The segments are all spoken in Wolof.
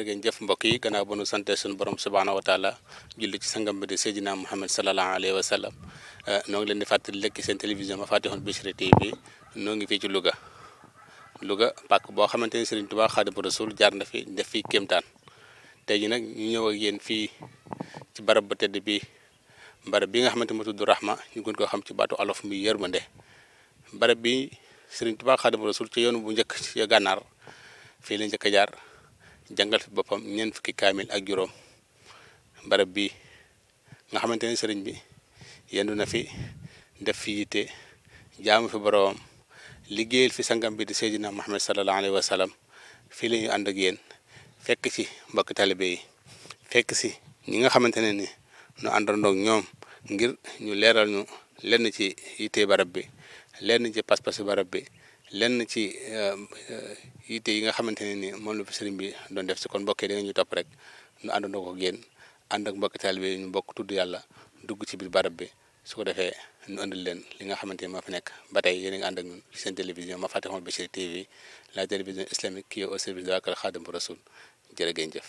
jërëgeen jëf mbokk yi gannaaw ba nu sante suñu borom subhaanahu wa taala julli ci sangam bi di Seydina Muhammad sallallahu alayhi wa sallam euh, noo ngi leen di fàttali lekki seen télévision Mafatihul Bichri noo ngi fii ci Louga Louga pàkk boo xamante ni tubaax Touba Xaadimu Rasuul jaar na fi def fii kéemtaan tey ji nag ñu ñëw ak fii ci barab ba tedd bi barab bi nga xamante mu tudd Rahma ñu gën koo xam ci baatu alof muy yërmande barab bi sëriñ tubaax Xaadimu Rasuul ci yoonu bu njëkk ci gannaar fii la jëkk jaar jàngal fi boppam ñeent fukki kaamil ak juróom barab bi nga xamante ne sëriñ bi yendu na fi def fi yitte jaamu fi boroomam liggéeyal fi sangam bi di seydina Muhammad sallallahu alayhi wa sallam fii la ñu ànd ak yéen fekk ci mbokki talibe yi fekk si ñi nga xamante ne ni ñu àndandoog ñoom ngir ñu leeral ñu lenn ci yitte barab bi lenn ci pas-pasi barab bi lenn ci eh, yitte yi nga xamante ne ni moom la sëriñ bi doon def si kon mbokkee da nga ñu topp rek ñu àndandoo ko génn ànd ak mbokki bi ñu bokk tudd yàlla dugg ci biir barab bi su ko defee ñu andil leen li nga xamante ni moo fi nekk ba tey yéen a ngi ànd ak ñun ci seen télévision ma fàtte xamal Bichri TV la télévision islamique ki est au service de waa kër Xaadim bu Rasul jërë ngeen jëf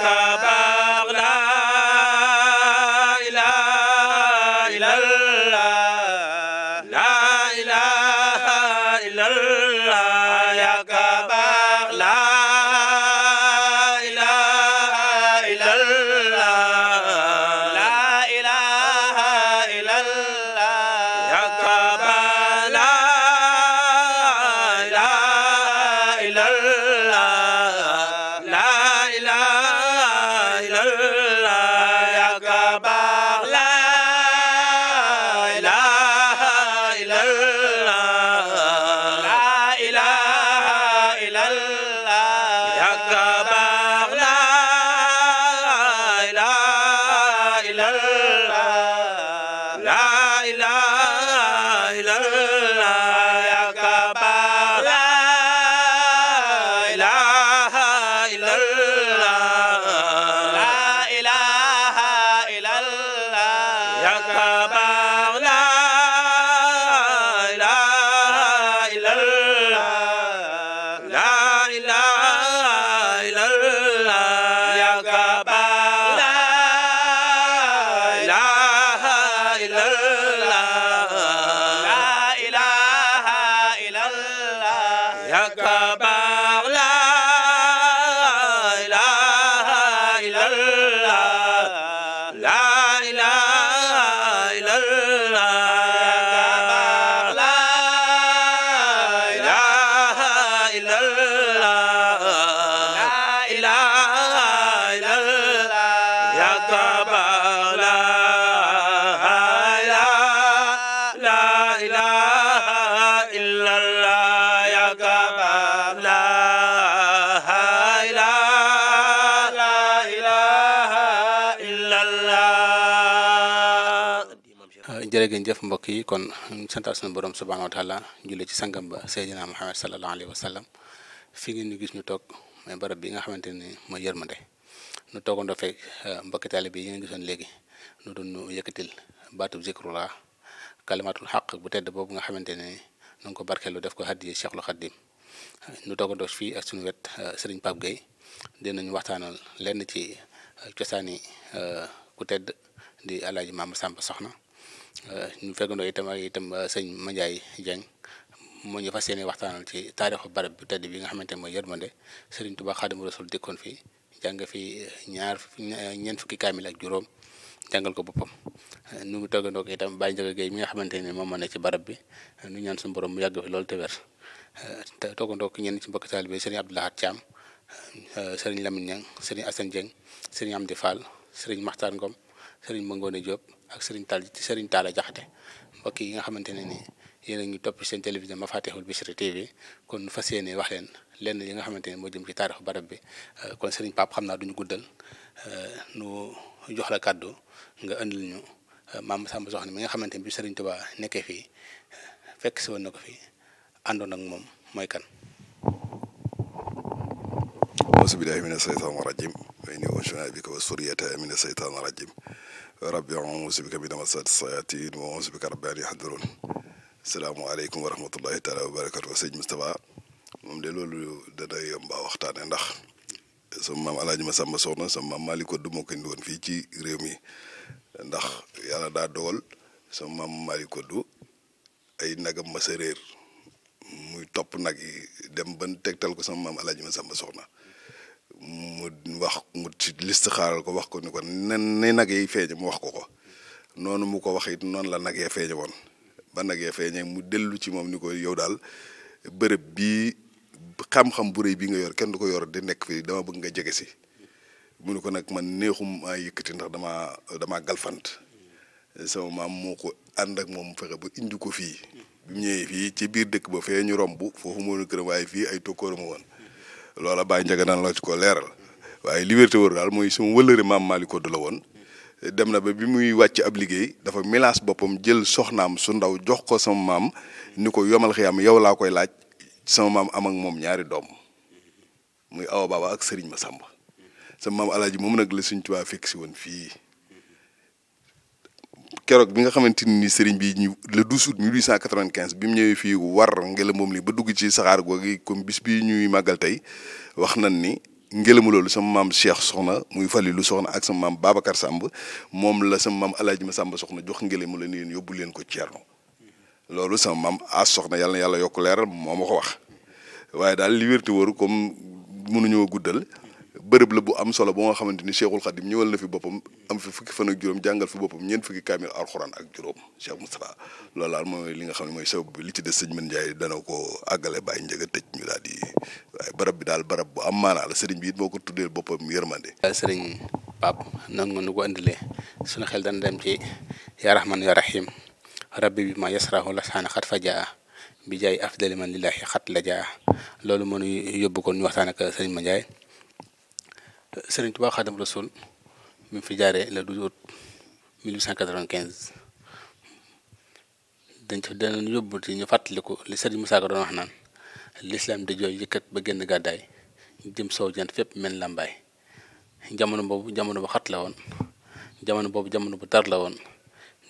ka jërëjëf jëf mbokk yi kon santaal sunu borom subhaanahu wa taala julli ci sangam ba Seydina Muhammad sallallahu alayhi wa sallam fi ngeen ñu gis ñu toog mooy barab bi nga xamante ni mooy yërmande nu toogandoo fekk euh, mbokki taalibe yi ngeen gisoon léegi nu doon nu yëkkatil baatub zikrullah kalimatul xaq bu tedd boobu nga xamante ne nu ngi ko barkeelu def ko hadiya Cheikhul Khadim nu toogandoo fii ak suñu wet euh, Serigne Pape de dinañu waxtaanal lenn ci euh, cosaani ku tedd di alaaji Maam Samba Euh, ñu fekkandoo itam ak itam euh, sëñ Mandiaye Dieng moo ñu fas yéene waxtaanal ci taarixu barab bu tedd bi nga xamante ne mooy yërmande sëriñ Tuubaa Xaadimu Rasuul dëkkoon fii jàng fi ñaar ñeen fukki kaamil ak juróom jàngal ko boppam euh, nu ngi toggandoo ko itam Baye Ndiaga Gueye mi nga xamante ne moom moo ne ci barab bi nu ñaan suñu borom mu yàgg fi loolu te wér te toggandoo ko ñenn ci mbokk taalibe bi sëriñ Abdoulahat Thiam sëriñ Lamine Niang sëriñ Assane Dieng am Amdi Fall sëriñ Maxtaar Ngom sëriñ Mangone Diop ak Serigne Tall Serigne Talla Jaxate mbokk yi nga xamante ne nii yéen a ngi topp seen télévision Mafatihul Bichri TV kon nu fas yéene wax leen lenn yi nga xamante ne moo jëm ci taarixu barab bi euh, kon Serigne Pape xam naa duñu guddal euh, nu jox la kàddu nga indil ñu euh, maam Samba Soxna mi nga xamante ne bi Serigne Touba nekkee fii fekk si woon na ko fii àndoon ak moom mooy kan. auzu bi mina seytaani rajiim wa innii u'iizuhaa bika wa zurriyyatahaa mina seytaani rabbi auusu bika min hamazaati sayaatiin wa auusu bika rabbi an yahduruun salaamaaleykum wa rahmatullahi taala wa barakatu sëñ Moustapha moom de loolu dana yombaa waxtaane ndax sama maam alaaji ma sàmba soxna sama maam Maalik Kodd moo ko indi woon fii ci réew mi ndax yàlla daa dogal sama maam Maalik Kodd ay nagam ma sa muy topp nag yi dem ban tegtal ko sama maam alaaji ma sàmba soxna mu wax mu ci liste xaaral ko wax ko ni ko nen ni nag yi feeñe mu wax ko ko noonu mu ko wax noonu la nag ya feeñe woon ba nag ya feeñe mu dellu ci moom ni ko yow daal bërëb bii xam-xam bu rëy bii nga yor kenn du ko yor di nekk fii dama bëgg nga jege si mu ne ko nag man neexum maa yëkkati ndax dama damaa galfant sama maam moo ko ànd ak moom fexe ba indi ko fii bi mu ñëwee fii ci biir dëkk ba fee ñu romb foofu moo ne këram waaye fii ay tokkoor ma woon loola Baye Ndiaga naan la ti ko leeral waaye liberté wër daal mooy suma wëllëre maam Malick Oddo la woon dem na ba bi muy wàcc ab liggéey dafa milaas boppam jël soxnaam su ndaw jox ko sama maam ni ko yomal xiyam yow laa koy laaj sama maam am ak moom ñaari doom muy Awa Baba ak Serigne Massamba sama maam alaaji moom nag la Sëriñ Tuubaa fekk si woon fii keroog bi nga xamante ni sëriñ bi ñu le 12 août 1895 bi mu ñëwee fii war ngelamoom li ba dugg ci saxaar googu comme bis bi ñuy màggal tey wax nañ ni ngelamu loolu sama maam Cheikh Soxna muy lu Soxna ak sama maam Babacar Samb moom la sama maam ma Masamba Soxna jox ngelamu la ni leen yóbbu leen ko Ceerno loolu sama maam As Soxna yàlla na yàlla yokk leer moo ma ko wax waaye daal li wérti wóoru comme mënuñoo guddal bërëb la bu am solo ba nga xamante ni Cheikhul Khadim ñëwal la fi boppam am fi fukki fan ak juróom jàngal fi boppam ñeent fukki kaamil alxuraan ak juróom Cheikh Moustapha loolu daal mooy li nga xam ne mooy sabab li ci des sëñ Mën Njaay dana ko àggale bàyyi njëga tëj ñu daal di waaye barab bi daal barab bu am maanaa la sëriñ bi it moo ko tuddeel boppam yërmande sëriñ Pape nan nga nu ko indilee suñu xel dana dem ci yaa rahman yaa rahim rabbi bi ma yasrahu la saana xat fa jaa bi jaay afdali man lillahi xat la jaa loolu mënu yóbbu ko ñu waxtaan ak sëriñ Mën Sëriñ Tuubaa la Rasuul mi fi jaaree le 12 août 1895 dañ ci danañ yóbbu ci ñu fàttaliku li Sëriñ Musaa Ka doon wax naan lislaam di jooy yëkkat ba génn gàddaay jëm soow jant fépp mel làmbaay jamono boobu jamono bu xat la woon jamono boobu jamono bu tar la woon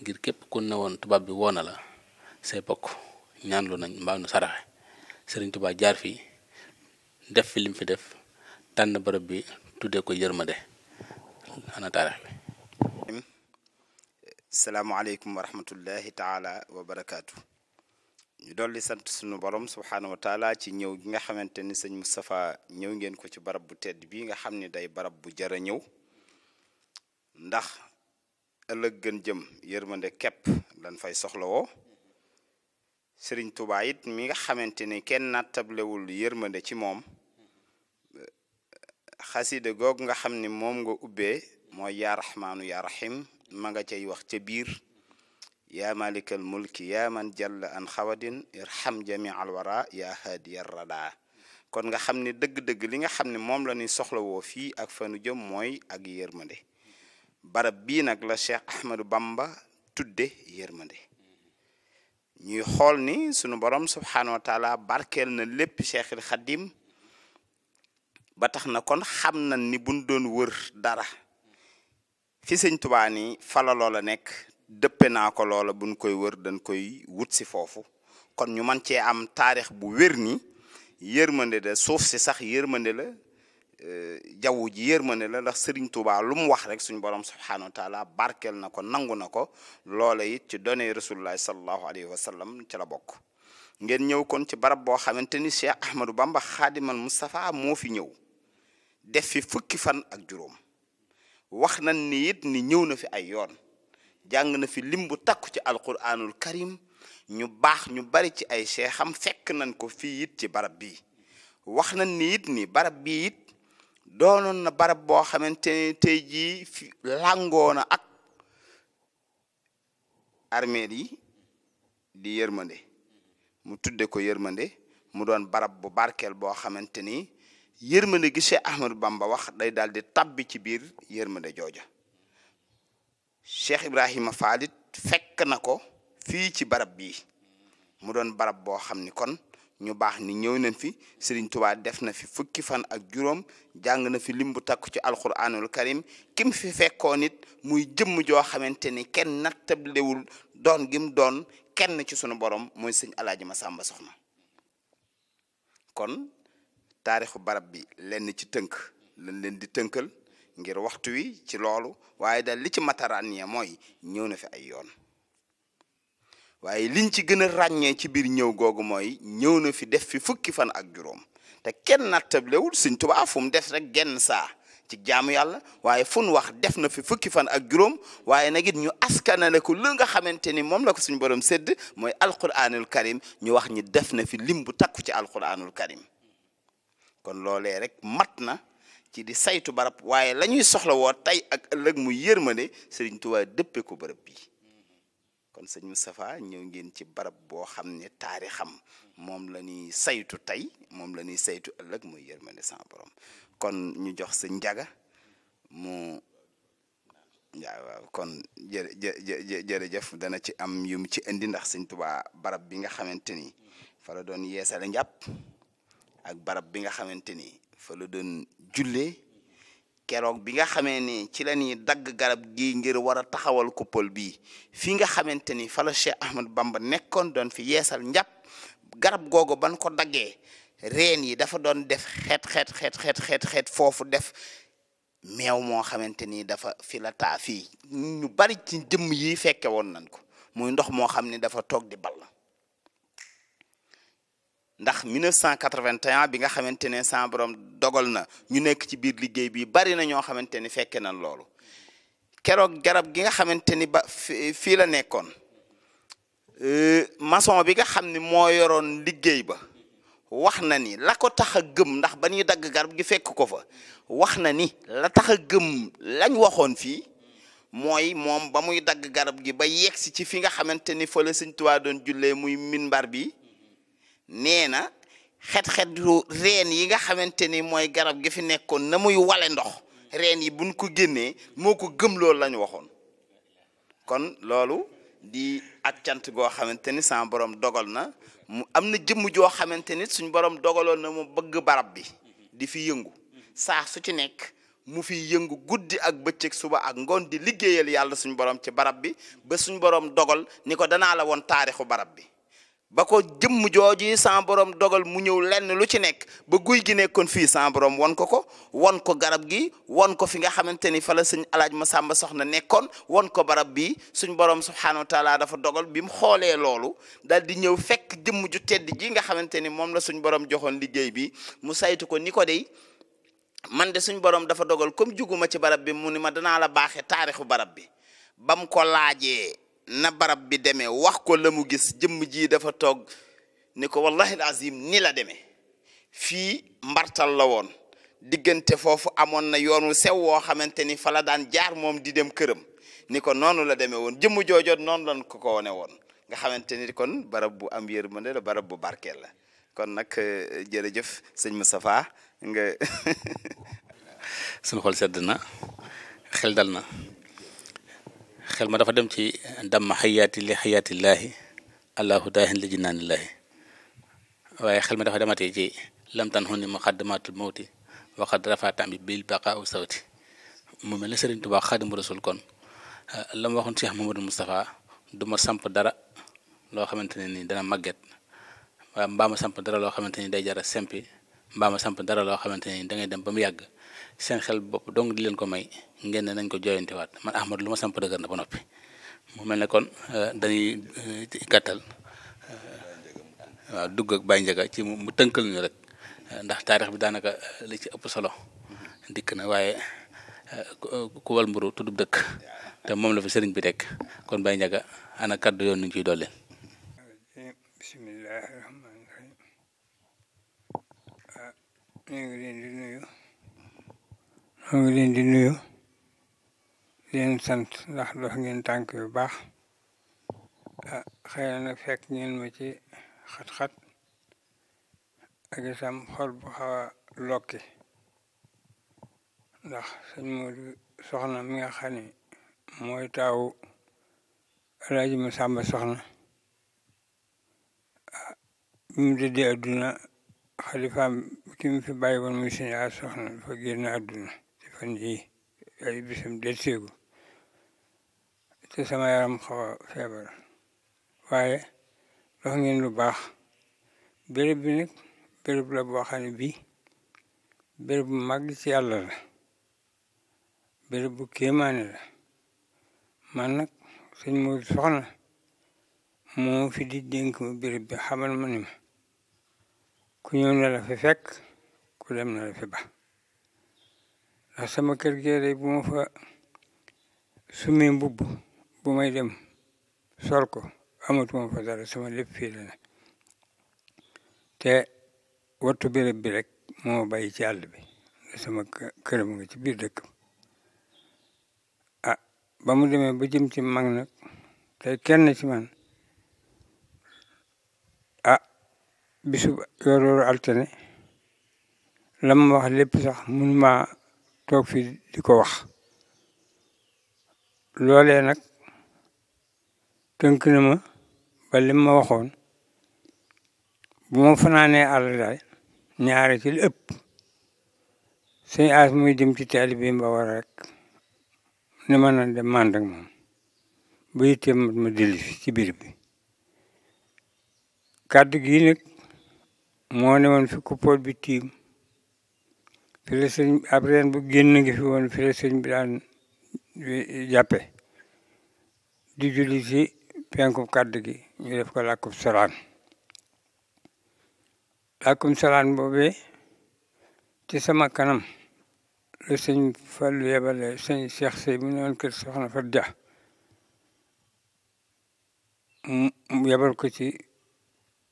ngir képp ku ne woon tubaab bi woona la say bokk ñaanlu nañ mbaa nu saraxe Sëriñ Tuubaa jaar fii def fi lim fi def tànn bërëb bi tuddee ko yërmande ana taarix bi salaamaaleykum wa rahmatullahi taala wa barakaatu ñu sant sunu borom subhaanahu wa ci ñëw gi nga xamante ni sëñ Moustapha ñëw ngeen ko ci barab bu tedd bii nga xam ne day barab bu jara ñëw ndax ëllëg gën jëm yërmande képp lan fay soxlawoo sëriñ Tuubaa mi nga xamante ni kenn nattablewul yërmande ci moom xasida googu nga xam ni moom nga ubbee mooy yaa raxmaanu yaa raxim ma nga cay wax ca biir yaa malikal mulki yaa man jalla an xawadin irham jami alwara yaa haadiya rada kon nga xam ni dëgg-dëgg li nga xam ne moom la ñuy soxlawoo fii ak fanu jëm mooy ak yërmande barab bii nag la Cheikh Ahmadou Bamba tudde yërmande ñuy xool ni sunu borom subhanahu wa taala barkeel na lépp Cheikhul Xadim ba tax na kon xam nañ ni buñ doon wër dara fi sëñ tubaa ni fala loola nekk dëppe naa ko loola buñ koy wër dan koy wut si foofu kon ñu man cee am taarix bu wér ni yërmande la suuf si sax yërmande la euh, jaww ji yërmande la ndax sëriñ tubaa lu mu wax rek suñu borom subhanahu wa taala barkeel na ko nangu na ko loola it ci donee rasulullahi sallallahu alayhi wa sallam ci la bokk ngeen ñëw kon ci barab boo xamante ni Cheikh Ahmadou Bamba xaadimal Moustapha moo fi ñëw def fi fukki fan ak juróom wax nañ ni it ni ñëw na fi ay yoon jàng na fi lim bu takku ci alquranul karim ñu baax ñu bari ci ay seexam fekk nañ ko fii it ci barab bi wax nañ ni it ni barab bi it doonoon na barab boo xamante tey jii fi làngoona ak armeel yi di yërmande mu tudde ko yërmande mu doon barab bu barkeel boo xamante ni yërmande gi Cheikh Ahmadou Bamba wax day daal di tabbi ci biir yërmande jooja Cheikh Ibrahima Faal fekk na ko fii ci barab bii mu doon barab boo xam ni kon ñu baax ni ñëw nañ fi Serigne tubaa def na fi fukki fan ak juróom jàng na fi lim bu takku ci alquranul karim kim fi fekkoon it muy jëmm joo xamante ni kenn nattablewul doon gim doon kenn ci sunu boroom mooy sëñ Alaaji Masamba Soxna kon taarixu barab bi lenn ci tënk lañ leen di tënkal ngir waxtu wi ci loolu waaye daal li ci mataràññee mooy ñëw na fi ay yoon waaye liñ ci gën a ràññee ci biir ñëw googu mooy ñëw na fi def fi fukki fan ak juróom te kenn nattablewul Sëñ Tuubaa fu mu def rek genn saa ci jaamu yàlla waaye fun wax def na fi fukki fan ak juróom waaye nag it ñu askanale ko lu nga xamante ni moom la ko suñu borom sedd mooy alquranul karim ñu wax ñi def na fi lim bu takku ci alquranul karim kon loolee rek mat na ci di saytu barab waaye lañuy ñuy soxla woo tey ak ëllëg mu yërmande Sëriñ Tuubaa dëppe ko bërëb bi kon sëñ Moustapha ñëw ngeen ci barab boo xam ne taarixam moom la ñuy saytu tey moom la ñuy saytu ëllëg muy yërmande sama borom kon ñu jox sa njaga mu kon jërë jërëjëf dana ci am yum ci indi ndax sëñ Tuubaa barab bi nga xamante ni fa la doon yeesale njàpp ak barab bi nga xamante ni fa la doon jullee keroog bi nga xamee ni ci la dagg garab gi ngir war a taxawal coupole bi fii nga xamante ni fa la Cheikh Ahmad Bamba nekkoon doon fi yeesal njàpp garab googu ban ko daggee reen yi dafa doon def xeet xeet xeet xeet xeet xeet foofu def meew moo xamante ni dafa fi la taa fii ñu bari ci jëmm yi fekke woon nañ ko muy ndox moo xam ni dafa toog di ball ndax 1981 bi nga xamante ne sa borom dogal na ñu nekk ci biir liggéey bi bari na ñoo xamante ni fekke nan loolu keroog garab gi nga xamante ni ba fii la nekkoon euh, mason bi nga xam ni moo yoroon liggéey ba wax na ni la ko taxa gëm ndax ba ñuy dagg garab gi fekk ko fa wax na ni la tax a gëm lañ waxoon fii mooy moom ba muy dagg garab gi ba yegsi ci fi nga xamante ni fa la Sëñ Tuubaa doon jullee muy minbar bi nee na xet-xetu reen yi nga xamante ni mooy garab gi fi nekkoon na muy wale ndox reen yi buñ ko génnee moo ko gëm loolu lañu waxoon kon loolu di ak cant goo xamante ni sama borom dogal na mu am na jëmm joo xamante ni suñ borom dogaloon na mu bëgg barab bi di fi yëngu saa su ci nekk mu fi yëngu guddi ak bëccëg suba ak ngoon di liggéeyal yàlla suñ borom ci barab bi ba suñ borom dogal ni ko danaa la woon taarixu barab bi ba ko jëmm jooju sans borom dogal mu ñëw lenn lu ci nekk ba guy gi nekkoon fii sans borom won ko ko won ko garab gi won ko fi nga xamante ni fa la sëñ alaaj Masamba soxna nekkoon won ko barab bi suñ borom subhaanahu wa taala dafa dogal bi mu xoolee loolu dal di ñëw fekk jëmm ju tedd ji nga xamante ni moom la suñ borom joxoon liggéey bi mu saytu ko ni ko dey man de suñ borom dafa dogal comme juguma ci barab bi mu ni ma danaa la baaxee taarixu barab bi bam ko laajee. na barab bi demee wax ko la mu gis jëmm ji dafa toog ni ko wallahi alazim ni la deme fii mbartal la woon diggante foofu amoon na yoon wu sew woo xamante ni fa daan jaar moom di dem këram ni ko noonu la demee woon jëmm joojoot noonu lan ko ko wone woon nga xamante ni kon barab bu am yërmande la barab bu barkeel la kon nag euh, jërëjëf sëñ Moustapha nga suñu xol sedd na xel dal na xel ma dafa dem ci damm xayaati li xayaatillaahi allahu daahin li jinaanillaahi waaye xel ma dafa demate ci lamtan xuni muqaddamatul mawti waxad rafatam bi bil baqa u sawti mu mel ne Sëriñ Tuubaa Xaadimu Rasuul kon ah, la ma waxoon Cheikh Mamadou Moustapha du ma samp dara loo xamante ne ni dana màgget waaw mbaam samp dara loo xamante ni day jara sempi mbaa ma dara loo xamante ne da ngay dem ba mu yàgg seen xel bopp dong di leen ko may ngeen ne nañ ko jooyantewaat man Ahmad lu ma samp dëgër na ba noppi mu mel ne kon euh, dañuy euh, gàttal euh, waaw dugg ak Baye Ndiaga ci mu tënkal ñu rek ndax taarix bi daanaka li ci ëpp solo ndikk na waaye ku wal mburu tudd dëkk te moom la fi sëriñ bi rek kon Baye Ndiaga ana kaddu yoon ñu ciy dolli. bismillah. ñu ngi leen di nuyu ñu ngi sant ndax dox ngeen tànk yu baax ah xëy na nag fekk ngeen ma ci xat-xat ak itam xol bu xaw a ndax sëñ Moodu soxna mi nga xam mooy taawu Alaaji Masamba soxna ah, mu dëddee adduna xalifaam ki mu fi bàyyi woon muy sëñ a soxna dafa génn àdduna ci fan yii ay bisam del seegu te sama yaram xaw a feebar waaye ngeen lu baax béréb bi nag béréb la boo xam ne bii béréb bu màgg ci yàlla la béréb bu kéemaane la man nag sëñ mooy soxna moo fi di dénk ma bi xamal ma ni ma ku ñëw na fi fekk ku dem na la fi ba ndax sama kër gee day bu ma fa mbubb bu may dem sorko ko amatuma fa dara sama lépp fii la ne te wattu béréb bi rek moo bàyyi ci àll bi sama kër mu ngi ci biir dëkk ah ba mu demee ba jëm ci mag nag tey kenn ci man bisu yorooru altine la ma wax lépp sax mënuma toog fi di ko wax loolee nag tënkënama na ma waxoon bu ma fanaanee àll daal ñaare ci li ëpp suñu aas muy dem ci taalibe ba war rek ne ma nan dem mànd ak moom bu yitteem ma dellu ci biir bi gii nag moo ne woon fi kuppool bi tiim fi la sëñ ab bu génn ngi fi woon fi la sëñ bi daan jàppe di penku si penkub kàddu gi ñu def ko làkkub salaan làkkub salaan boobee ci sama kanam la sëñ Fallu yebale sëñ Seex Sey bu kër soxna Fat Ja yebal ko ci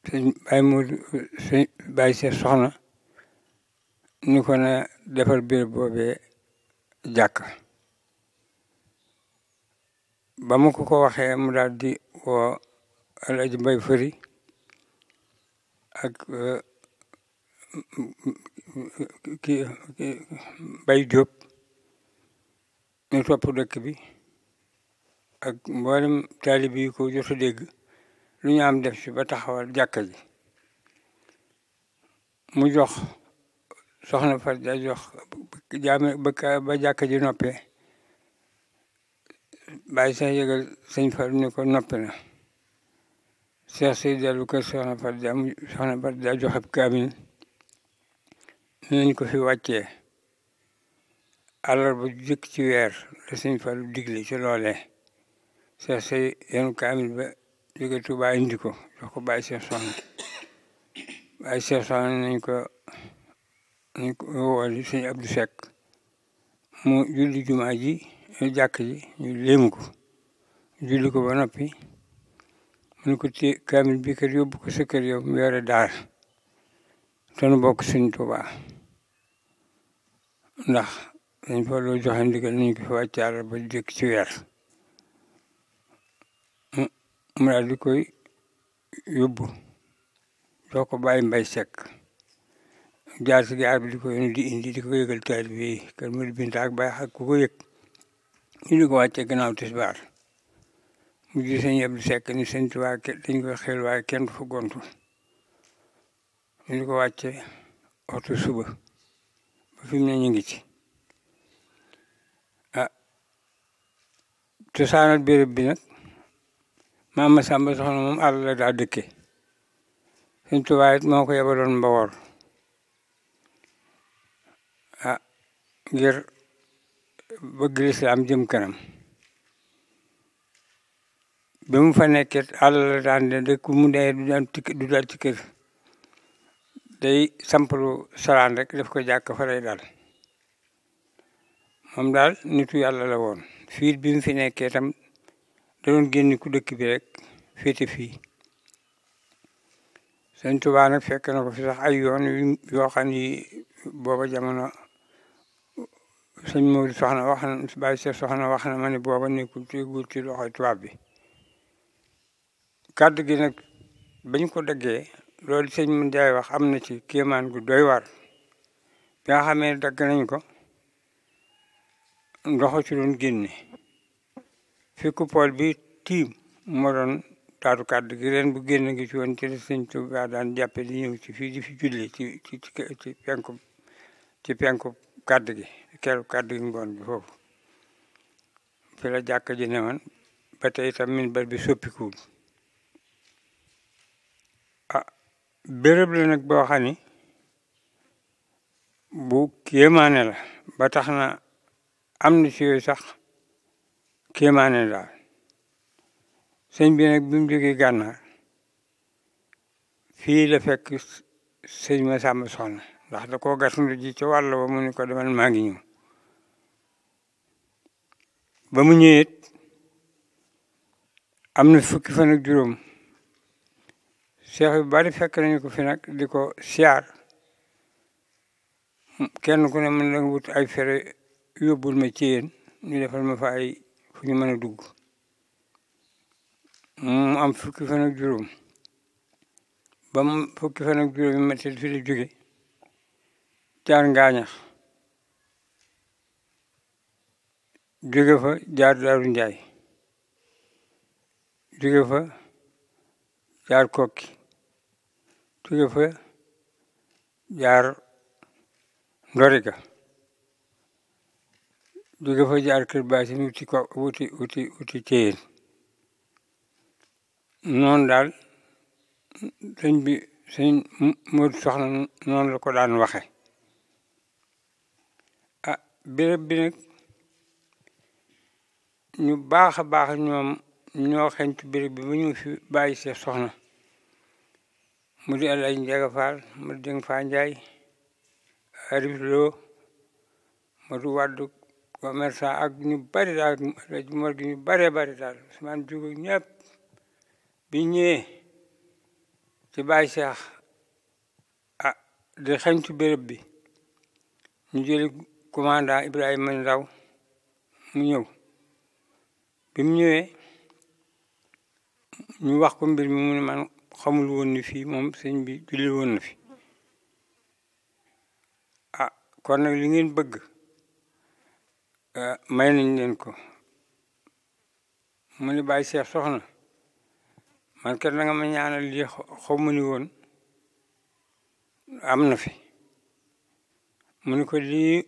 sëñ Baye Modou sëñ soxna ni ko na defar biir boobee jàkk ba mu ko ko waxee mu daal di woo Alaaji Mbay Fëri ak uh, ki Mbay Jóob ñu topp dëkk bi ak mboolem taalib yi ko jot dégg lu ñaan am def ci ba taxawal jàkka mu jox soxna fa da jox ba jàkka ji noppee bàyyi sax yëgal sëñ Fallou ni ko noppi na seex si dellu ko soxna fat da soxna fat da joxe kaamin nañ ko fi wàccee àllarba jëkk ci weer la sëñ Fallou digle ci loolee seex si yenu kaamin jóge Touba indi ko jox ko bàyyi Cheikh Soxna nañ ko nañ ko woowal sëñ mu julli jumaa ji jàkk ji ñu léemu ko ko ba noppi mu ne ko té kaamil bi kër yóbbu ko sa kër yow mu yore nu bokk sëñ Touba ndax dañ fa loo joxe ci weer mu daal di koy yóbbu jox ko Baye Mbaye Seck jaar si gaar bi di ko yónni di indi di ko yëgal taalibe yi kër Modou Binta ak Baye ak ku ko yëg ñu di ko wàccee gannaaw tisbaar mu ji sëñ Abdou Seck ni sëñ Tuubaa dañ koy xel waaye kenn du fa gontu ñu di ko wàccee waxtu suba ba fi mu ne ñu ngi ci ah, maam Masamba soxna moom àll la dëkke suñ moo ko yebaloon mbawoor ah ngir bëgg lislaam jëm kanam bi mu fa nekkee àll la daan de dëkk mu dee du daan ci du daan ci rek def ko jàkk fa lay moom daal nitu yàlla woon fii bi mu da doon génn ku dëkk bi rek féete fii sëñ Tuubaa fekk na ko fi sax ay yoon yoo xam ni booba jamono sëñ Maodo soxna wax na bàyyi soxna wax na ma ne booba nekkul tegul ci loxoy tubaab bi kàddu gi nag bañ ko daggee loolu sëñ mu jaay wax am na ci kéemaan gu doy waar bi nga xamee dagg nañ ko ndoxo ci doon génne fi coupole bi tiim moo doon taatu kàddu gi ren bu génn ngi ci woon ci la sëñ daan jàppe di ñëw ci di fi julli ci ci ci penku ci penku kàddu gi keru kàddu gi ngoon bi foofu fi la jàkk ji ne woon ba tey itam bi soppikuwul ah nag boo xam bu kéemaane la ba tax na am na ci sax kéemaane daal sëñ bi nag bi mu jógee gànnaar fii la fekk ma sàmm soxna ndax da koo gàttandu ji ca wàll ba mu ne ko demal maa ngi ñëw ba mu ñëwee am na fukki fan juróom seex yu bari fekk nañu ko fi nag di ko siyaar kenn ku ne mën na wut ay fere yóbbul ma ci yéen ñu ma fa fu ñu mën dugg mu am fukki fan ak juróom ba fukki fan juróom yi métti fi jaar ngaañax jóge fa jaar daaru njaay jóge fa jaar kokki jóge fa jaar ndorika du dafa jaar kër baatin wuti ko wuti wuti wuti téyeen noonu daal sëñ bi sëñ Modou Soxna noonu la ko daan waxe ah béréb bi nag ñu baax a baax ñoom ñoo xent béréb bi mu ñu fi bàyyi see soxna mu di Alaaji Njaga Faal mu di Deng Faa Njaay Arif mu di Wàddu commerçant ak ñu bari daal mor gi ñu baree bari daal Ousmane Diouf ñëpp bi ñëwee ci Baye Cheikh ah di xentu béréb bi ñu jëli commandant Ibrahima Ndaw mu ñëw bi mu ñëwee ñu wax ko mbir mi mu ne man xamul woon ni fii moom sëñ bi julli woon na fi a ah, kon nag li ngeen bëgg Eh, may nañ leen ko mun ni bàyyi seex soxna man kat na nga ma ñaanal lii xaw ma woon am na fi mu ni ko lii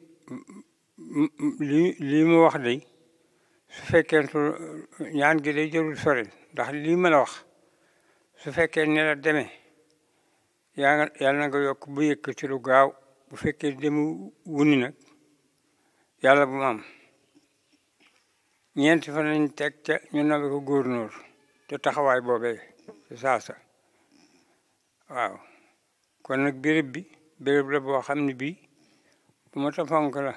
lii lii mu wax day su fekkeentu ñaan gi day jërul sore ndax lii ma la wax su fekkee ne la demee yaa nga yàlla na nga yokk bu yëkk ci lu gaaw bu fekkee demu wuni nag yàlla bu ma ñeenti fan lañ teg ca ñu nommé góor gouverneur te taxawaay boobee saasa waaw kon nag béréb bi béréb la boo xam ne bii bu ma ta fonk la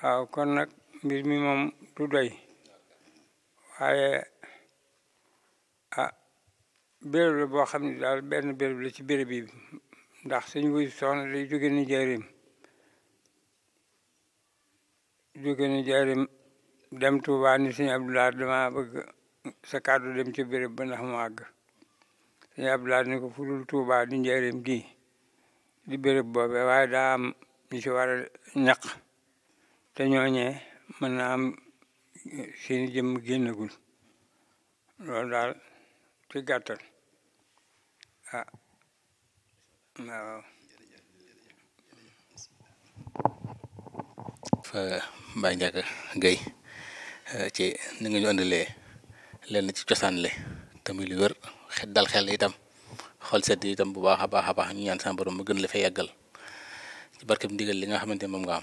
waaw kon nag mbir mi moom du doy waaye ah béréb la boo xam ne daal benn béréb la ci béréb yi ndax suñu wuy soxna day jóge ni jaarim jóge ni jaarim dem Touba ni sëñ Abdoulaye dama bëgg sa kàddu dem ci béréb ba ndax mu àgg sëñ Abdoulaye ni ko fulul Touba di njëriñ gi di bërëb boobe waaye daa am ñu ci war a te ñooñee mën na am seen jëm génnagul loolu daal ci gàttal ah waaw fa Mbaye Ndiaga Guèye Eh, ci ni nga ñu andilee lenn ci cosaan le tamit lu wér xet dal xel itam xool sedd itam bu baax a baax a baax ñu ñaan sama mu gën la fa yàggal ci barkeb ndigal li nga xamante ne moom nga am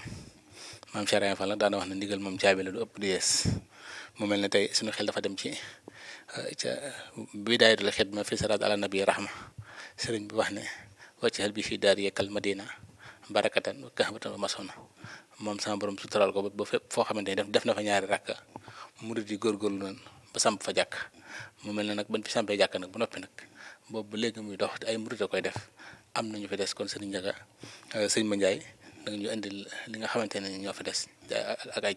maam Cheikh Fall nag wax ne ndigal moom caabi la du ëpp du mu mel ne tey suñu xel dafa dem ci eh, ca bidaayatul xidma fi salaat ala sëriñ bi wax ne wàcc bi fii daar yekkal madina barakatan wa kahbatan wa moom sama borom suturaal ko ba fépp foo xamante ni def na fa ñaari rakka murid yi góorgóorlu nañ ba samp fa jàkk mu mel ne nag ban fi sampee jàkk nag ba noppi nag boobu ba léegi muy dox te ay murid a koy def am na ñu fi des kon sëriñ Njaga euh, sëriñ Ma Njaay danga ñu indil li nga xamante ne ñoo fi des ak ay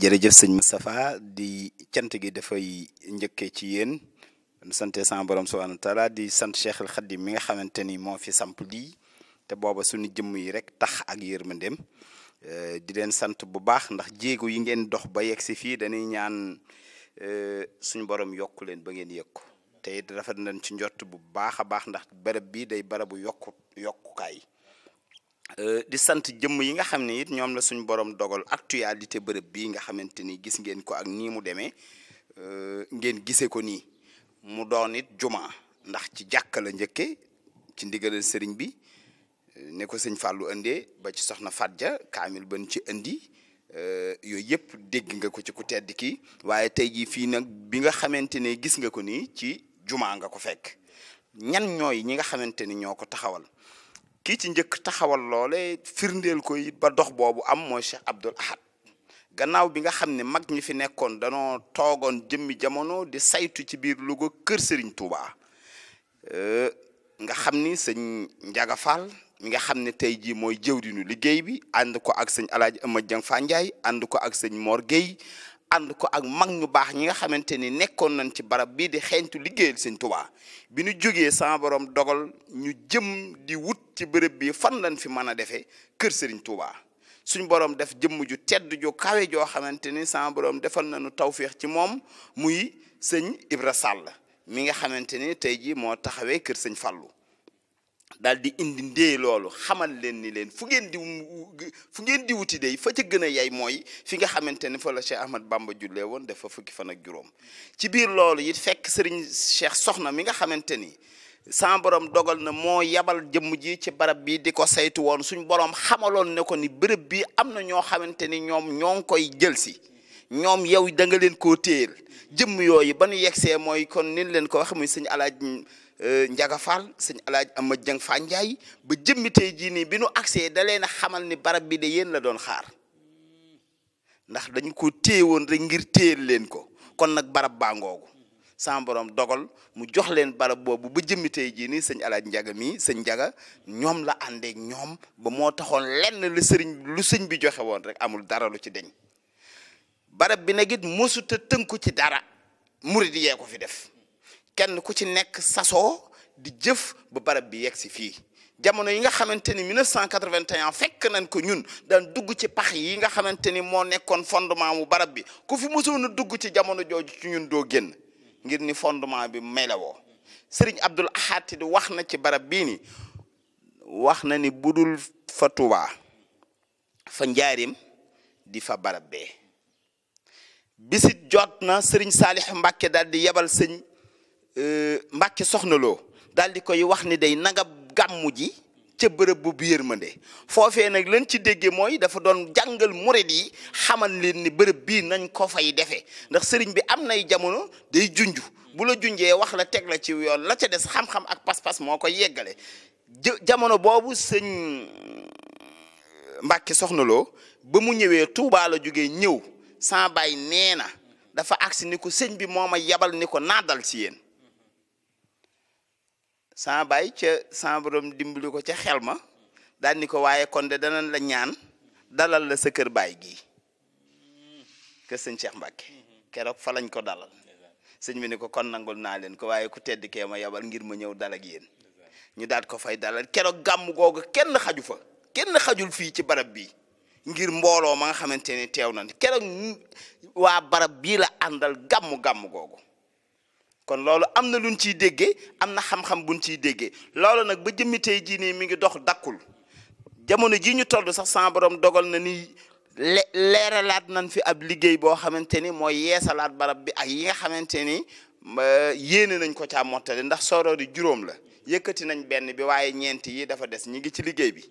jërëjëf euh, sëñ Moustapha di cant gi dafay njëkkee ci yéen sant sama borom subhanahu wa di sant Cheikh al mi nga xamante ni moo fi samp lii te booba suñu jëmm yi rek tax ak yërmandeem euh, di leen sant bu baax ndax jéego yi ngeen dox ba yegg si fii dañuy ñaan euh, suñu borom yokk leen ba ngeen yëg ko te it rafet nañ ci njot bu baax a baax ndax barab bi day barabu yokku yokkukaay euh, di sant jëmm yi nga xam ne it ñoom la suñu borom dogal actualité bërëb bii nga xamante ni gis ngeen ko ak nii mu demee ngeen gisee ko nii mu doon it juma ndax ci jàkka la njëkke ci ndigalal sëriñ bi ne ko sëñ Fallou indee ba ci soxna Fadja kaamil ban ci indi euh, yooyu yëpp dégg nga ko ci ku tedd ki waaye tey jii fii nag bi nga xamante ne gis nga ko ni ci jumaa nga ko fekk ñan ñooy ñi nga xamante ni ñoo ko taxawal kii ci njëkk taxawal loole firndeel ko it ba dox boobu am mooy Cheikh Abdoul Ahad gannaaw bi nga xam ne mag ñi fi nekkoon danoo toogoon jëmmi jamono di saytu ci biir Louga kër Serigne Touba euh, nga xam ni sëñ Ndiaga mi nga xam ne tey jii mooy jëwriñu liggéey bi ànd ko ak sëñ alaaji Ama Dieng Fandiaye ànd ko ak sëñ Mor Gueye ànd ko ak mag ñu baax ñi nga xamante ni nekkoon nañ ci barab bii di xeeñtu liggéeyal sëñ Tuubaa bi ñu jógee sama borom dogal ñu jëm di wut ci bërëb bi fan lañ fi mën a defee kër sëriñ Tuubaa suñ borom def jëmm ju tedd ju kawe joo xamante ni sama borom defal nañu tawféex ci moom muy sëñ Ibra mi nga xamante ni tey jii moo taxawee kër sëñ Fallou. daal di indi ndee loolu xamal leen ni leen fu ngeen di fu ngeen di wuti day fa ca gën a yay mooy fi nga xamante ni fa la Cheikh Ahmad Bamba jullee woon dafa fukki fan ak juróom ci biir loolu it fekk sëriñ Cheikh soxna mi nga xamante ni sa borom dogal na moo yabal jëmm ji ci barab bi di ko seytu woon suñ borom xamaloon ne ko ni bërëb bi am na ñoo xamante ni ñoom ñoo ngi koy jël si ñoom yow da leen ko téyel jëmm yooyu ba nu yegsee mooy kon nin leen ko wax muy sëñ Euh, njaga Fall sëñ alaaj ama jëng faa njaay ba jëmmi tey jii nii bi nu agsee da leen xamal ni barab bi de yéen la doon xaar ndax dañ ko téye woon rek ngir téyel leen ko kon nag barab baa ngoogu sama borom dogal mu jox leen barab boobu ba jëmmi tey jii nii sëñ alaaj njaga mi sëñ njaga ñoom la àndeek ñoom ba moo taxoon lenn lu sëriñ bi joxe woon rek amul dara lu ci deñ barab bi nag it mosut a ci dara murid yee ko fi def kenn ku ci nekk sasoo di jëf ba barab bi yegg si fii jamono yi nga xamante ni 1981 fekk nañ ko ñun daan dugg ci pax yi nga xamante ni moo nekkoon fondement mu barab bi ku fi mësoon a dugg ci jamono jooju ci ñun doo génn ngir ni fondement bi melawoo sëriñ Abdul Ahad di wax na ci barab bii ni wax na ni budul fa Tuubaa fa njaarim di fa barab bee bisit jot na sëriñ Saalix Mbàkke daal di yebal sëñ Euh, Mbàkke soxna loo daal di koy wax ni day nanga gàmmu ji ca bërëb bu yërmande foofee nag lañ ci déggee mooy dafa doon jàngal murid yi xamal leen ni bërëb bii nañ koo fay defee ndax sëriñ bi am nay jamono day junj bu la junjee wax la teg la ci yoon la ca des xam-xam ak pas-pas moo koy yeggale jamono boobu sëñ Mbàkke soxnaloo ba mu ñëwee Tuubaa la jógee ñëw sans bàyyi nee na dafa agsi ni ko sëñ bi moo ma yabal ni ko naadal si yéen sama baay ca sama borom dimbali ko ca xel ma daal ni ko waaye kon de danañ la ñaan dalal la sa kër baay gii kër sëñ Cheikh Mbacke keroog fa lañ ko dalal sëñ bi ni ko kon nangul naa leen ko waaye ku tedd kee ma yabal ngir ma ñëw dal ak yéen ñu daal ko fay dalal keroog gàmm googu kenn xaju fa kenn xajul fii ci barab bi ngir mbooloo ma nga xamante ni teew na keroog waa barab bii la àndal gàmm gàmm googu. kon loolu am na luñ ciy déggee am na xam-xam buñ ciy déggee loolu nag ba jëmmi tey jii nii mi ngi dox dakkul jamono jii ñu toll sax sama borom dogal na ni leeralaat nañ fi ab liggéey boo xamante ni mooy yeesalaat barab bi ak yi nga xamante ni yéene nañ ko caa mottali ndax soroori juróom la yëkkati nañ benn bi waaye ñeenti yi dafa des ñi ngi ci liggéey bi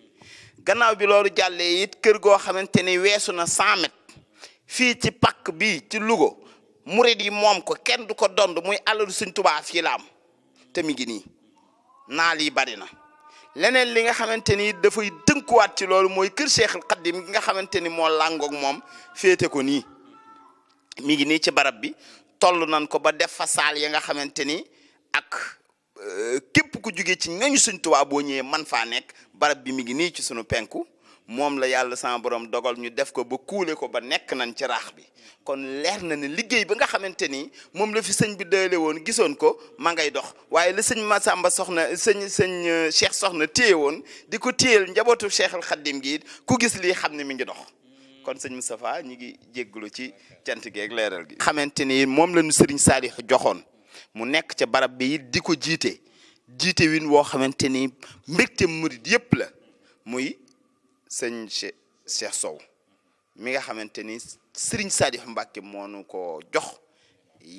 gannaaw bi loolu jàllee it kër goo xamante ni weesu na 100 fii ci pakk bi ci Louga murid yi moom ko kenn du ko dond muy alalu suñ tubaa fii la am te mi ngi nii naa yi bari na leneen li nga xamante ni dafay dënkuwaat ci loolu mooy kër Seexul Xaddim gi nga xamante ni moo làngoog moom féete ko nii mi ngi nii ci barab bi toll nan ko ba def fa saal ya nga xamante ni ak euh, képp ku jóge ci ñooñu suñ Tuubaa boo ñëwee man faa nekk barab bi mi ngi nii ci sunu penku moom la yàlla sama borom dogal ñu def ko ba kuule ko ba nekk nañ ci raax bi kon leer na ne liggéey ba nga xamante ni moom la fi sëñ bi dële woon gisoon ko ma ngay dox waaye la sëñ Massamba soxna sëñ sëñ euh, Cheikh soxna téye woon di ko téyel njabootu Cheikhul Khadim gi ku gis lii xam ne mi ngi dox kon sëñ Moustapha ñu ngi jégglu ci cant geeg leeral gi. xamante ni moom la ñu sëriñ Saalix joxoon mu nekk ca barab bi di ko jiite jiite win woo xamante ni mbégte murid yëpp la muy. sëñ Cheikh Sow mi nga xamante ni sëriñ Sadif Mbacke moo nu ko jox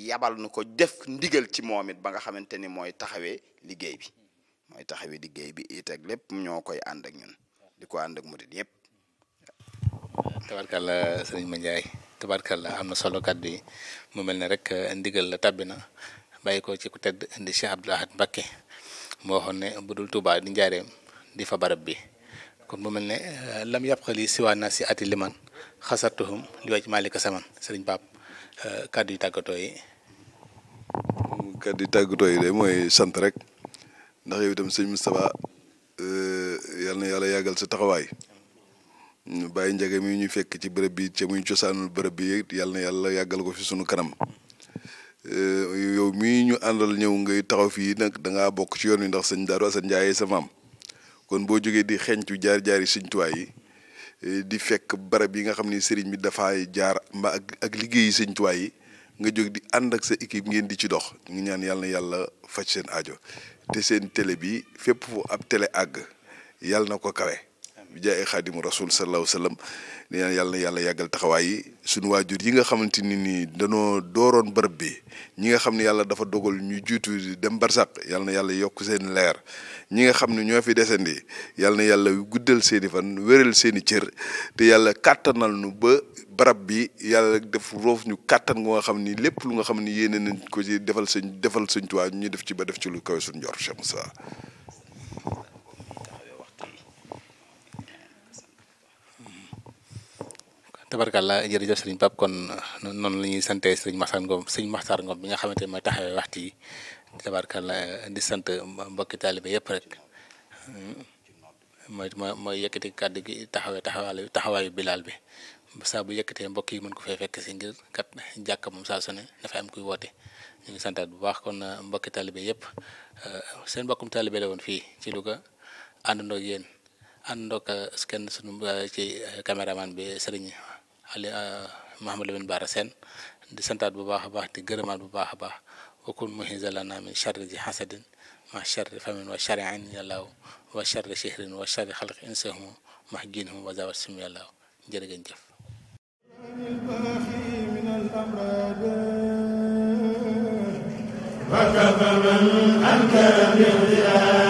yabal nu ko def ndigal ci moom ba nga xamante ni mooy taxawe liggéey bi mooy taxawee liggéey bi it lépp ñoo koy ànd ak ñun di ko ànd ak murid yëpp. tabarkalla sëriñ Mandiaye la am na solo kat bi mu mel ne rek eh, ndigal la tabbi na bàyyi ko ci ku tedd indi Cheikh Abdoul Ahad Mbacke moo waxoon ne budul Touba di njaareem di fa barab bi. kon mu mel ne euh, lam yàbqa li siwaa na si ati liman xasartuhum li waj maalika saman sëriñ Pape euh, kàddu yu yi tàggatooy yu tàggatoo yi mooy sant rek ndax yow itam sëñ Moustapha euh, yal na yàlla yàggal sa taxawaay bàyyi njage mi ñu fekk ci bërëb bi ca muy cosaanul bërëb bi yàlla yàggal ko fi sunu kanam yow mi ñu àndal ñëw ngay taxaw fii nag da ngaa bokk ci yoon yi ndax sëñ Daaru Asan Njaay sa maam kon boo jógee di xeeñtu jaar jaari sëñ Tuubaa eh, di fekk barab yi nga xam ne sëriñ bi dafay jaar mba ak ak liggéeyi sëñ yi nga jóg di ànd ak sa équipe ngeen di ci dox ñu ngi ñaan yàlla na yàlla faj seen ajo te seen tele bi fépp fu ab télé àgg yàlla na ko kawe. bi jaay xaadimu rasul sallallahu alayhi wasallam di yàlla na yàlla yàggal taxawaay yi suñu waajur yi nga xamante ni nii danoo dooroon bërëb bi ñi nga xam ne yàlla dafa dogal ñu jiitu dem barsax yàlla na yàlla yokk seen leer ñi nga xam ne ñoo fi desandi yàlla na yàlla guddal seen i fan wéral seen i cër te yàlla kàttanal nu ba barab bi yàlla def roof ñu kàttan nga xam ni lépp lu nga xam ni yéeneen nañ ko ci defal sëñ defal sëñ Tuubaa ñu def ci ba def ci lu kawe suñ njor Cheikh Moussa tabarkàlla jërëjëf sëriñ Pape kon noonu la ñuy sante sëriñ Maxtaar Ngom sëriñ Maxtaar Ngom bi nga xamante ne mooy taxawee waxtu yi la di sant mbokki taalibe yëpp rek mooy mooy yëkkati kàddu gi taxawee taxawaayu taxawaayu bilaal bi saa bu yëkkatee mbokk yi mën ko fee fekk si ngir kat jàkka moom saa su ne dafa am kuy woote ñu santaat bu baax kon uh, mbokki taalibe yëpp uh, seen mbokkum taalibe la woon fii ci Louga àndandoo ak yéen àndandoo ak uh, kenn sunu ci caméraman bi Serigne. ali euh, Mahamadou Lamine Bara Sène di santaat bu baax a baax di gërëmaat bu baax a baax wakun muhisalana min charri ji hasadin ma charri famin wa charri ayn yàllaaw wa charri chihrin wa charri xalq insahumu max giinhum wa zawat sim yàllaaw jërë ngeen jëf وكفى من أنكر باغتلال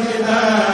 الكتاب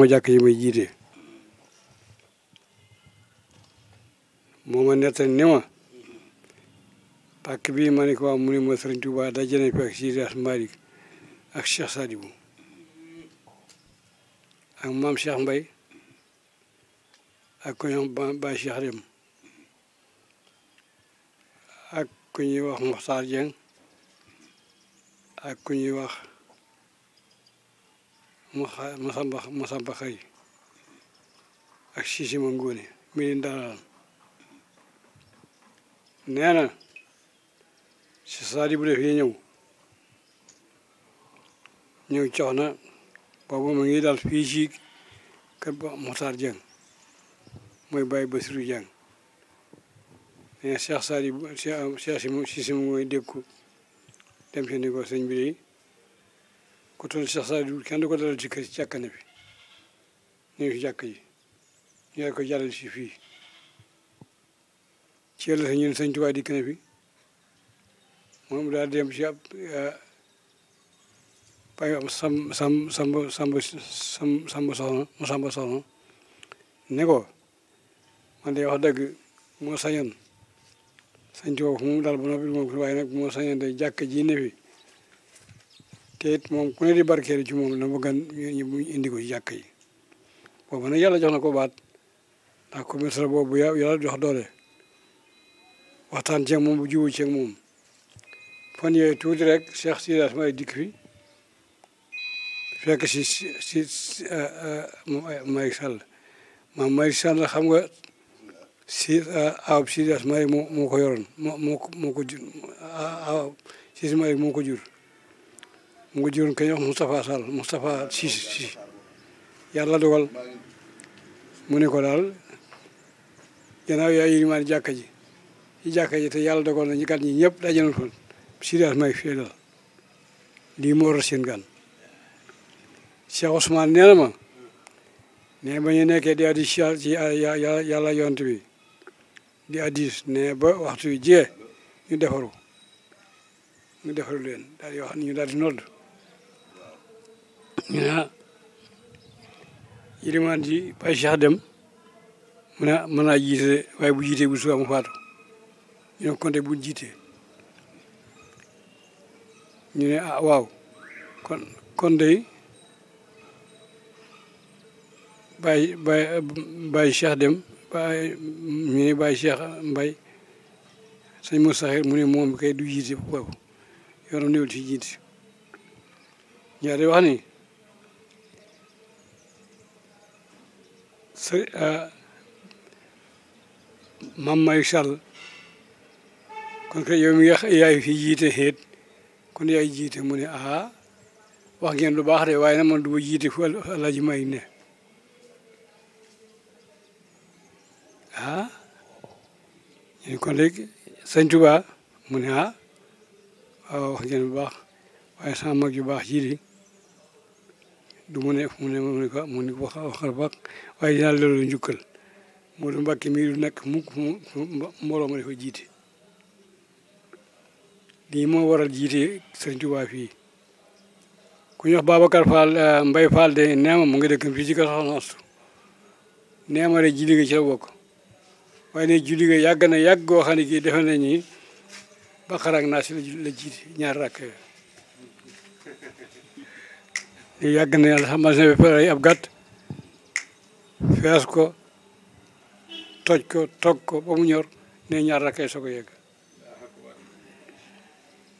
moo jàkk yi may jiite moo ma nettali ni ma pàkk bii ma ne ko waaw mu ne ma Sëriñ Tuubaa daje nañ fi ak Sidi As Malick ak Cheikh Sadibou ak maam Cheikh Mbay ak ku wax Baay Cheikh ak ku ñuy wax Moxtaar Jeng ñuy wax Masamba Masamba Xëy ak Cissé Mangone mi leen dalalan nee na si saadi bu yi ñëw ñëw na boobu ma ngi dal fii ci kër ba mooy Baye Basiru Jeng nee na Cheikh Saadi Cheikh dem si ni ko sëñ ku toll Cheikh Saliou kenn du ko dalal ci kër na fi ñu ngi fi jàkk yi ñu ko jàllal si fii ci yàlla sa ñun sëñ Tuubaa dikk na fi moom daal dem ci ab pay am sam sam samb samb sam samb mu moo daal ba noppi moom waaye nag moo sañoon de jàkk ji ne fi te moom ku ne di barkeelu ci moom la mu gan ñu indi ko ci yi boobu na yàlla jox na ko baat ndax commerce boobu boobu yàlla jox doole waxtaan ceeg moom bu jiwu ceeg moom fan yooyu tuuti rek Cheikh Sidi Asmaay dikk fi fekk si si eh, eh, Malick Sall maam Malick xam nga si eh, aw Sidi moo moo ko yoroon moo moo ko moo ko jur moo ko jur mu ngi juróon kañ wax Moustapha Sall Moustapha si si yàlla mu ne ko daal gannaaw yaay yilimaan jàkka ji ci jàkka ji te yàlla dogal na ñu gan ñi ñëpp dajana toon Sida may fii daal lii moo war seen gan Cheikh Ousmane nee ma ne ñu nekkee di addis ci yàlla yont bi di addis ne ba waxtu wi jee ñu defaru ñu defaru leen daal di wax ñu daal di nodd ñu ne yilimaan ji bay Cheikh dem mu ne ah, ah, mën naa jiite waaye bu jiitee bu suba mu faatu ñu ne konte bu jiite ñu ne a ah, waaw kon kon day bay bay bay Cheikh dem bay ñu ne bay Cheikh Mbay sëñ Moussa mu ne moom bi kay du jiite boobu yoonam néewul ci jiite ñaar wax ni E, mam mayu sàll kon kay yow mi yaay fi jiite xeet kon yaay jiite mu ne aa wax ngeen lu baax de waaye na man du ma jiite fu alaji may ne ah ñu kon rek sëñ Tuba mu ne ah waaw wax ngeen lu baax waaye sama mag yu baax jii du mu ne mu mu ne ko mu ne ko wax waxal baax waaye njukkal moo du Mbàkke mii du nekk mukk mbooloo ma dafa jiite lii moo waral jiite Sëriñ Tuubaa fii ku ñuy wax Babacar Fall eh, Mbay Fall de neema mu ngi dëkk fii ci kër Soxna Astu neema rek julli nga ci la bokk waaye ne julli yàgg na yàgg goo xam ne kii defe Naas la jiite ñaari rakk yàgg na yàlla sax machine bi fay ab fees ko toj ko togg ko ba mu ñor ne ñaar rakkay soo ko yegg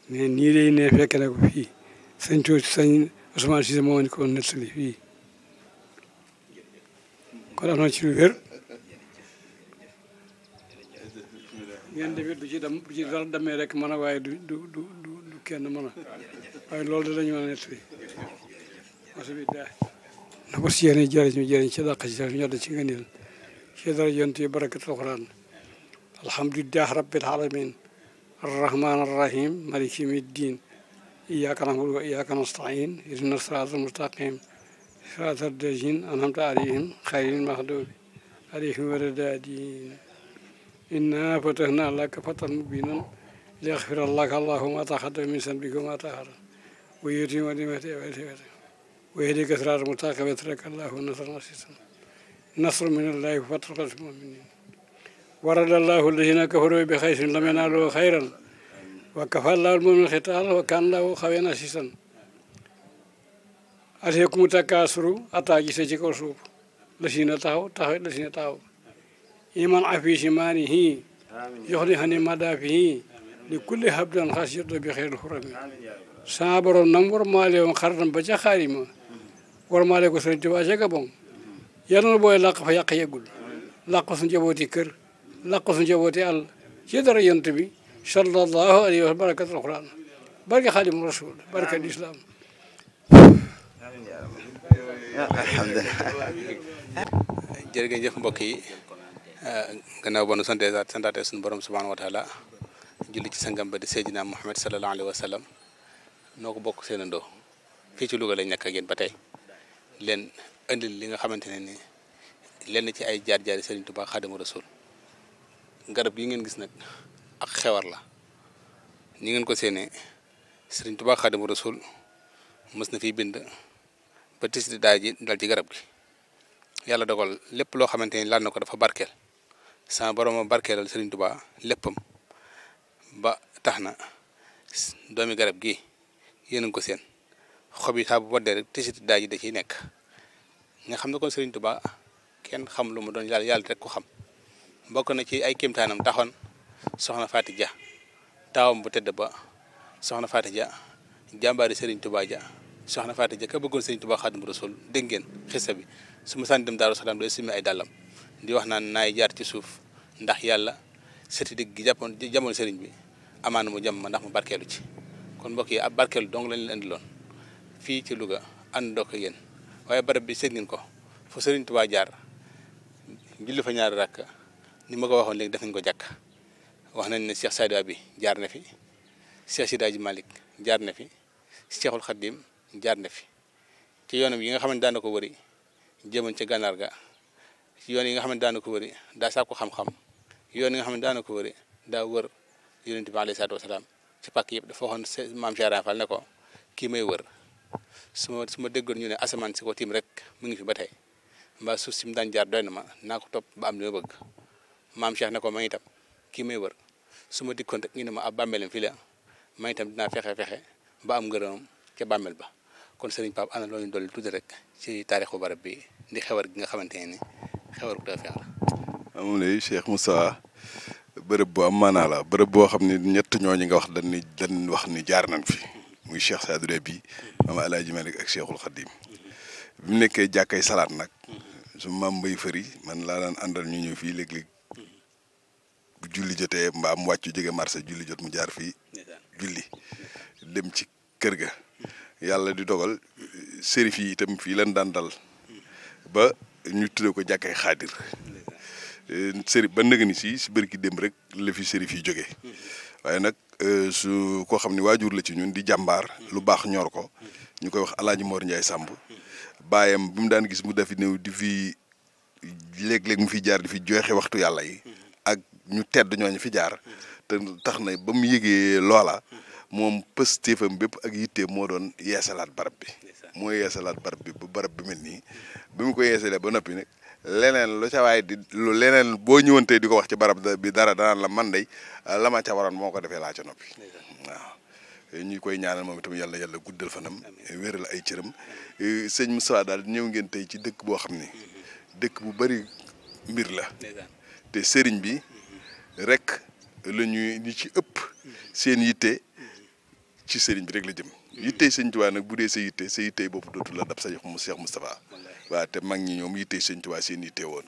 mais nii day ne fekk na ko fii sëñ Tuuti sëñ Ousmane Cissé moo ko nettali fii kon am na ci lu wér ngeen defit du ci dem du ci demee rek mën a waaye du du du du kenn mën waaye loolu danañu lañu a nettali na ko si yéene jëriñu jëriñ ci dàq ci saf ñodda ci ngëneel ci dara yont yi barakat alquran alhamdulilah rabbil alamin arrahman arrahim malik yawmi ddin iyyaka na'budu wa iyyaka nasta'in ihdina siraatal mustaqim siraatal lazina an'amta alayhim xayril maxduubi alayhim wa ladaadin inna fatahna laka fatan mubinan liyaxfira laka allahu ma taqaddama min zanbika wa ma ta'akhkhara wa yutimma ويهديك أسرار متاك ويترك الله نصرا عزيزا نصر من الله وفتح قلب المؤمنين ورد الله الذين كفروا بخير لم ينالوا خيرا وكفى الله المؤمن الختال وكان الله خيرا عزيزا ألهيكم التكاثر أتى جسدي كوسوف الذين تاهوا تاهوا الذين تاهوا إيمان عفي شمانه يخلقني مدافعه لكل هبدا خشيط بخير الحرم saa borom nam war maa leen xaritam ba ca xaarima warmaale ko sëriñ Tuubaa ca Gabon yal na booy làq fa yàq yeggul làq ko suñu jabooti kër làq ko suñu jabooti àll ci dara yont bi sallallahu alayhi wa sallam barakatul alquran barke xaadim rasul barke lislaam jërëjëf mbokk yi gannaaw ba nu sante santaate suñu borom subhanahu wa taala julli ci sangam ba di Seydina Muhammad sallallahu alayhi wa sallam noo ko bokk seenandoo fii ci Louga lañ nekk ak yéen ba tey leen indi li nga xamante ne ni lenn ci ay jaar-jaari Serigne Touba Xaadimu Rasuul garab gi ngeen gis nag ak xewar la ñi ngeen ko séenee sëriñ Touba Xaadimu Rasuul mës na fi bind ba tis di dal ci garab gi yàlla dogal lépp loo xamante ni laal na ko dafa barkeel sama borom barkeelal Serigne Touba léppam ba tax na doomi garab gi yéen a ko seen xob yi saa bu waddee rek tisit daa ji da ciy nekk nga xam ne kon Serigne Touba kenn xam lu mu doon yàlla yàlla rek ko xam bokk na ci ay kéemtaanam taxoon soxna Faati Ja taawam bu tedd ba soxna Faati Ja jàmbaari Serigne Touba ja soxna Faati Ja ka bëggoon Serigne Touba Xaadimu Rasuul dégg ngeen xisa bi su ma sànni dem Daaru Salaam day summi ay dàllam di wax naan naay jaar ci suuf ndax yàlla seti digg gi jàppoon jamono sëriñ bi amaana mu jam ma ndax mu barkeelu ci kon mbokk yi ab barkeelu dong lañ leen indiloon. fii ci Louga àndandoo yen waaye barab bi seet ngeen ko fu Sëriñ Tuubaa jaar julli fa ñaari rakk ni ma ko waxoon léegi def nañ ko jàkk wax nañ ne Cheikh Sadio bi jaar na fi Cheikh Sidaji Malick jaar na fi Cheikhul Khadim jaar na fi ci yoonam yi nga xam ne daan na ko wëri jëmoon ca gànnaar ga ci yoon yi nga xam ne ko wëri daa sàkku xam yoon yi nga xam ne ko wëri daa wër yonent bi alayhi salaatu wasalaam ci pàkk yëpp dafa waxoon maam Cheikh Ibra Fall ne ko kii may wër su ma su ma déggoon ñu ne asamaan si ko tiim rek mu ngi fi ba tey mbaa suuf si mu daan jaar doy na ma naa ko topp ba am li ma bëgg maam Cheikh ne ko man itam kii may wër su ma dikkoon rek ñu ne ma ab bàmmeelam fii la man itam dinaa fexe fexe ba am ngërëmam ca bàmmeel ba kon sëriñ Pape ana loolu ñu rek ci taarixu barab bi di xewar gi nga xamante ne ni xewar ku tawfeex la. moom lay bërëb bu am maanaa la bërëb boo xam ne ñett ñooñu nga wax dañ ni dañ wax ni jaar nañ fi. muy Cheikh Saadu Rabbi maam Alaaji Malik ak Cheikhul Xadim bi mu nekkee jàkkay salaat nag su maam mbay fëri man laa daan àndal ñu ñëw fii léeg-léeg bu julli jotee mbaa wàccu jóge marché julli jot mu jaar fii julli dem ci kër ga yàlla di dogal sérif yi itam fii lañ daan dal ba ñu tudde ko jàkkay xaadir eh, sérif ba nëg ni si si bërki dem rek la fi sérif yi jóge waaye nag euh, su koo xam ne waajur la ci ñun di jàmbaar lu baax ñor ko ñu koy wax alaaji Mor Ndiaye Samb baayam bu mu daan gis mu dafi néew di fi léeg-léeg mu fi jaar di fi joxe waxtu yàlla yi ak ñu tedd ñooñu fi jaar te tax na ba mu yëgee loola moom pëstéefam bépp ak yittee moo doon yeesalaat barab bi moo yeesalaat barab bi ba barab bi mel nii bi mu ko yeesalee ba noppi nag leneen lu ca waay di lu leneen boo ñëwantee di ko wax ci barab bi dara danaan la man de euh, la ca waroon moo ko defee laa ca noppi waaw. ñu koy ñaanal moom itam yàlla yàlla guddal fanam. wéral ay cëram. Euh, sëñ Moussa daal di ñëw ngeen tey ci dëkk boo xam ni. Mm-hmm. dëkk bu bari mbir la. te sëriñ bi mm-hmm. rek la ñuy ñi ci ëpp. Mm-hmm. seen yitte ci sëriñ bi rek la jëm. yitte sëñ Tuubaa nag bu dee sa yitte sa yitte bopp dootul la dab sa jox mu waaw te mag ñi ñoom yittee sëñ Tuubaa seen yitte woon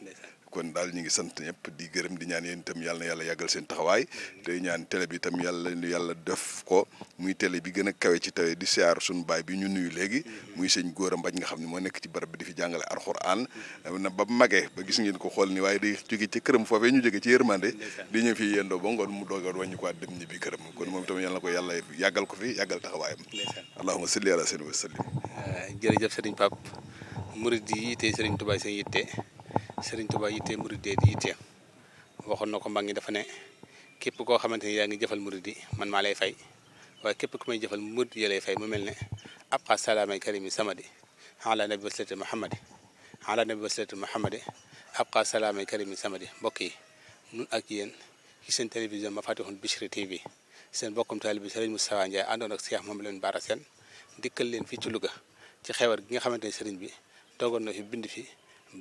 kon daal ñu ngi sant ñëpp di gërëm di ñaan yéen tam yàlla na yàlla yàggal seen taxawaay te ñaan tele bi itam yàlla yàlla def ko muy télé bi gën a kawe ci tawe di siyaar suñu baay bi ñu nuyu léegi muy sëñ góor a mbaj nga xam ne moo nekk ci barab bi di fi jàngale alxuraan na ba magee ba gis ngeen ko xool ni waaye day jóge ci këram foofee ñu jóge ci yërmande di ñëw fii yendoo ba ngoon mu doogoon wàññi ko dem ñibbi këram kon moom itam yàlla na ko yàlla yàggal ko murid yi yitte Serigne Touba seen yitte Serigne Touba yitte murid yi di yitteem waxoon na ko mag ñi dafa ne képp koo xamante ni yaa ngi jëfal murid yi man maa lay fay waaye képp ku may jëfal murid yi lay fay mu mel ne ab xaas salaamay karimi samadi ala nabi wasilati muhammadi ala nabi wasilati muhammadi ab xaas salaamay karimi samadi mbokk yi nun ak yéen ci seen télévision ma fatixoon Bichri seen bokkum taal bi Serigne Moustapha Ndiaye àndoon ak Cheikh moom leen Bara Sène dikkal leen fii ci Louga ci xewar gi nga xamante ne Serigne bi toogoon na fi bind fi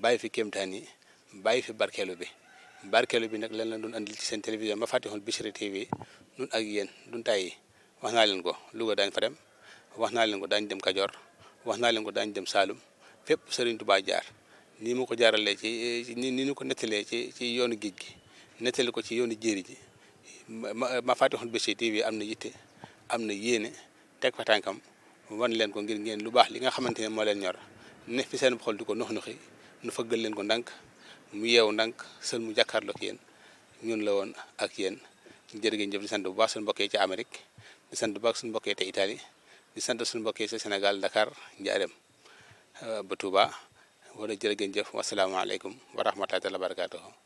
bàyyi fi kéemtaan yi bàyyi fi barkeelu bi barkeelu bi nag lan la doon indil ci seen télévision ma fàtte woon Bichri TV nun ak yéen duñ wax naa leen ko Louga daañ wax naa leen ko daañ dem Kajoor wax naa leen ko daañ dem Saalum fépp Serigne Touba jaar nii mu ko jaaralee ci ni ni ko nettalee ci ci yoonu géej gi nettali ko ci yoonu jéeri ji ma ma fàtte woon am na yitte am na yéene teg fa tànkam wan leen ko ngir ngeen lu baax li nga xamante ne moo leen ñor ne fi seen xol du ko nox-noxi nu fëggal leen ko ndànk mu yeew ndànk sël mu jàkkaarloo ak ñun la woon ak yéen jërë ngeen di sant bu baax suñu mbokkee ci Amérique di sant bu baax suñu mbokkee te Italie di sant suñu mbokkee ci senegal Dakar Njaareem euh, ba Touba wala jërë ngeen jëf wasalaamaaleykum wa rahmatulah wa barakaatuhu